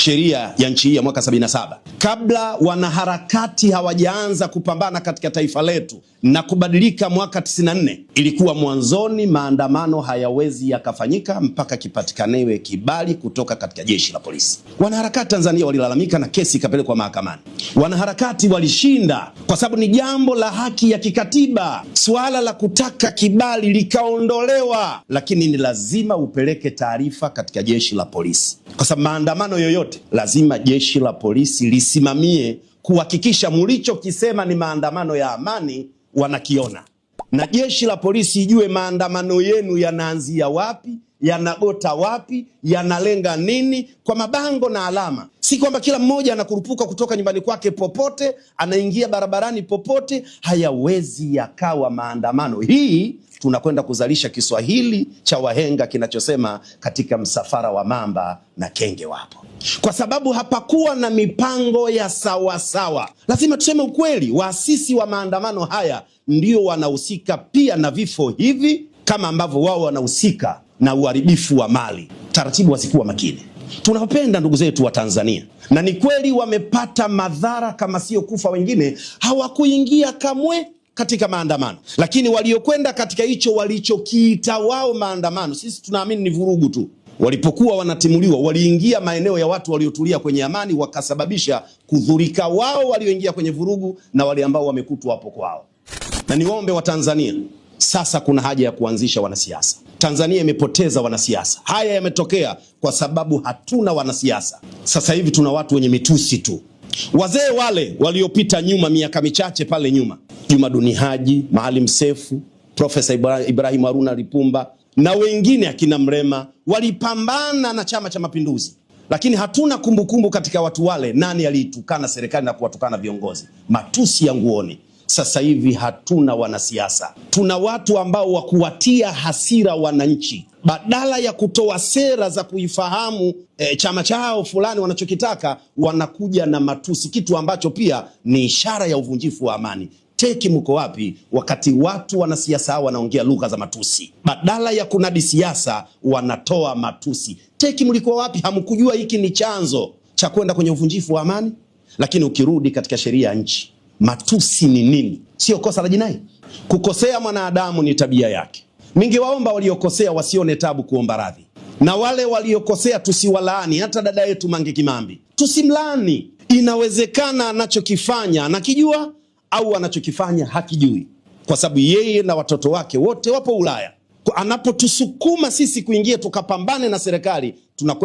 sheria ya nchi hii ya mwaka 77 kabla wanaharakati hawajaanza kupambana katika taifa letu na kubadilika mwaka 94, ilikuwa mwanzoni, maandamano hayawezi yakafanyika mpaka kipatikanewe kibali kutoka katika jeshi la polisi. Wanaharakati Tanzania walilalamika na kesi ikapelekwa mahakamani. Wanaharakati walishinda kwa sababu ni jambo la haki ya kikatiba. Suala la kutaka kibali likaondolewa, lakini ni lazima upeleke taarifa katika jeshi la polisi, kwa sababu maandamano yoyote yoyote, lazima jeshi la polisi lisimamie kuhakikisha mlichokisema ni maandamano ya amani wanakiona, na jeshi la polisi ijue maandamano yenu yanaanzia wapi yanagota wapi, yanalenga nini, kwa mabango na alama. Si kwamba kila mmoja anakurupuka kutoka nyumbani kwake popote, anaingia barabarani popote. Hayawezi yakawa maandamano. Hii tunakwenda kuzalisha Kiswahili cha wahenga kinachosema katika msafara wa mamba na kenge wapo, kwa sababu hapakuwa na mipango ya sawasawa. Lazima tuseme ukweli, waasisi wa maandamano haya ndio wanahusika pia na vifo hivi kama ambavyo wao wanahusika na uharibifu wa mali. Taratibu wasikuwa makini. Tunawapenda ndugu zetu wa Tanzania na ni kweli wamepata madhara, kama sio kufa wengine, hawakuingia kamwe katika maandamano, lakini waliokwenda katika hicho walichokiita wao maandamano, sisi tunaamini ni vurugu tu. Walipokuwa wanatimuliwa, waliingia maeneo ya watu waliotulia kwenye amani, wakasababisha kudhurika wao walioingia kwenye vurugu na wale ambao wamekutwa hapo kwao. Na niwaombe Watanzania sasa kuna haja ya kuanzisha wanasiasa. Tanzania imepoteza wanasiasa. Haya yametokea kwa sababu hatuna wanasiasa. Sasa hivi tuna watu wenye mitusi tu. Wazee wale waliopita nyuma, miaka michache pale nyuma, Juma Duni Haji, Maalim Sefu, Profesa Ibrahim Haruna Lipumba na wengine akina Mrema walipambana na Chama cha Mapinduzi, lakini hatuna kumbukumbu kumbu katika watu wale, nani aliitukana serikali na kuwatukana viongozi, matusi ya nguoni. Sasa hivi hatuna wanasiasa, tuna watu ambao wa kuwatia hasira wananchi, badala ya kutoa sera za kuifahamu e, chama chao fulani wanachokitaka, wanakuja na matusi, kitu ambacho pia ni ishara ya uvunjifu wa amani. Teki mko wapi wakati watu wanasiasa hao wanaongea lugha za matusi? Badala ya kunadi siasa wanatoa matusi. Teki mlikuwa wapi? Hamkujua hiki ni chanzo cha kwenda kwenye uvunjifu wa amani? Lakini ukirudi katika sheria ya nchi Matusi ni nini? Sio kosa la jinai. Kukosea mwanadamu ni tabia yake. Ningewaomba waliokosea wasione tabu kuomba radhi, na wale waliokosea tusiwalaani. Hata dada yetu Mange Kimambi tusimlaani. Inawezekana anachokifanya anakijua au anachokifanya hakijui, kwa sababu yeye na watoto wake wote wapo Ulaya. Anapotusukuma sisi kuingia tukapambane na serikali tuna